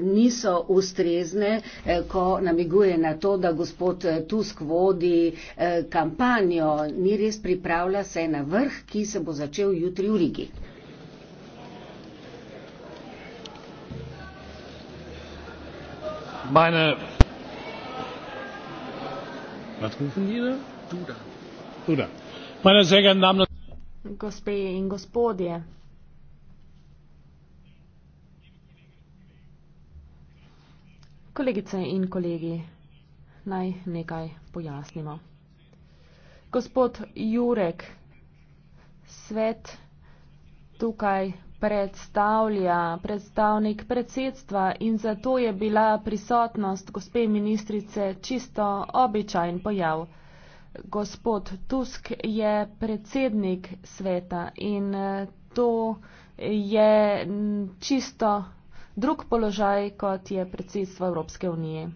niso ustrezne, eh, ko namiguje na to, da gospod eh, Tusk vodi eh, kampanjo, ni res pripravlja se na vrh, ki se bo začel jutri v Rigi. Meine. Was rufen die da? Du da. Du da. Meine sehr geehrten Damen und Herren. Gospe in Gospodje. Kolegice in kolegi, naj nekaj pojasnimo. Gospod Jurek, svet tukaj predstavlja predstavnik predsedstva in zato je bila prisotnost gospe ministrice čisto običajen pojav. Gospod Tusk je predsednik sveta in eh, to je čisto drug položaj, kot je predsedstvo Evropske unije.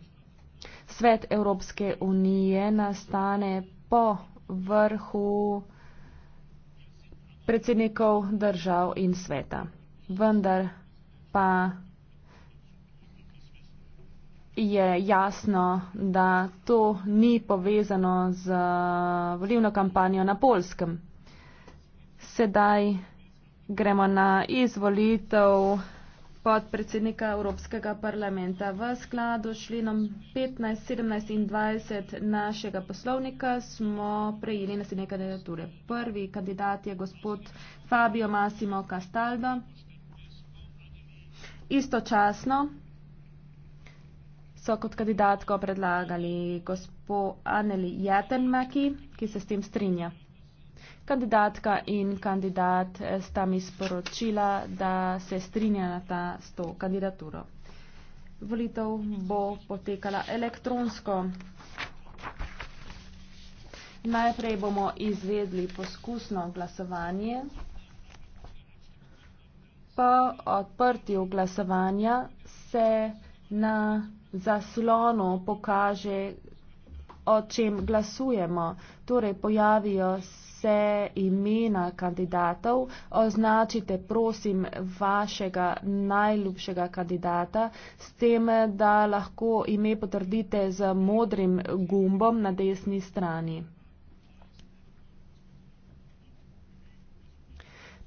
Svet Evropske unije nastane po vrhu predsednikov držav in sveta. Vendar pa je jasno, da to ni povezano z volivno kampanjo na Polskem. Sedaj gremo na izvolitev podpredsednika Evropskega parlamenta. V skladu s členom 15, 17 in 20 našega poslovnika smo prejeli naslednje kandidature. Prvi kandidat je gospod Fabio Massimo Castaldo. Istočasno so kot kandidatko predlagali gospod Aneli Jatenmaki, ki se s tem strinja. Kandidatka in kandidat eh, sta mi sporočila, da se strinjata s to kandidaturo. Volitev bo potekala elektronsko. Najprej bomo izvedli poskusno glasovanje. Po odprtju glasovanja se na zaslonu pokaže o čem glasujemo. Torej, pojavijo se imena kandidatov, označite prosim vašega najljubšega kandidata, s tem, da lahko ime potrdite z modrim gumbom na desni strani.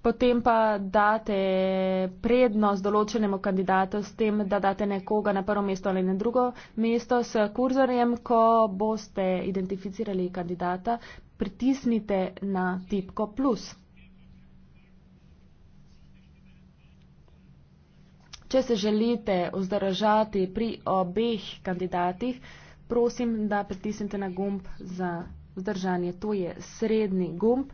potem pa date prednost določenemu kandidatu s tem, da date nekoga na prvo mesto ali na drugo mesto s kurzorjem, ko boste identificirali kandidata, pritisnite na tipko plus. Če se želite vzdržati pri obeh kandidatih, prosim, da pritisnite na gumb za vzdržanje. To je srednji gumb.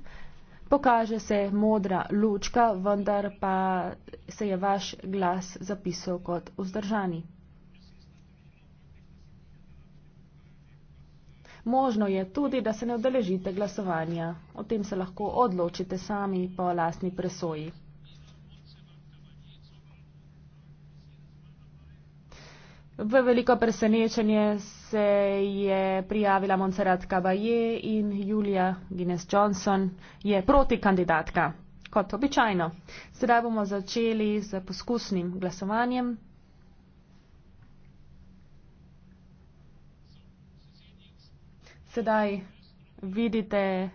Pokaže se modra lučka, vendar pa se je vaš glas zapisal kot vzdržani. Možno je tudi, da se ne odeležite glasovanja. O tem se lahko odločite sami po lastni presoji. V veliko presenečenje se je prijavila Monserrat Caballé in Julia Guinness Johnson je proti kandidatka, kot običajno. Sedaj bomo začeli z poskusnim glasovanjem. Sedaj vidite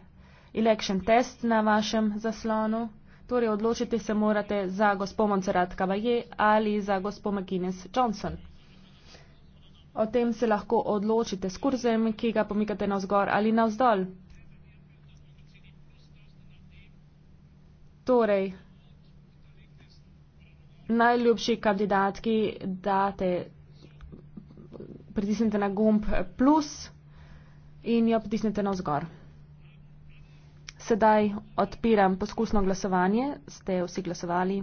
election test na vašem zaslonu. Torej odločite se morate za gospod Monserrat Caballé ali za gospod McGuinness Johnson. O tem se lahko odločite s kurzem, ki ga pomikate navzgor ali navzdol. Torej, najljubši kandidatki date, pritisnete na gumb plus in jo pritisnete navzgor. Sedaj odpiram poskusno glasovanje. Ste vsi glasovali?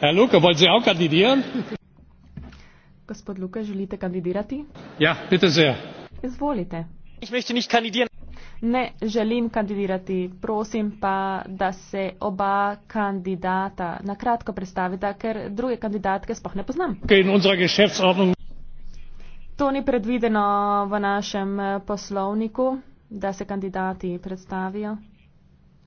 Herr eh, Luke, wollen Sie auch kandidieren? Gospod Luke, želite kandidirati? Ja, bitte sehr. Ja. Izvolite. Ich möchte nicht kandidieren. Ne, želim kandidirati. Prosim pa, da se oba kandidata na kratko predstavita, ker druge kandidatke sploh ne poznam. Okay, in unserer Geschäftsordnung. To ni predvideno v našem eh, poslovniku, da se kandidati predstavijo.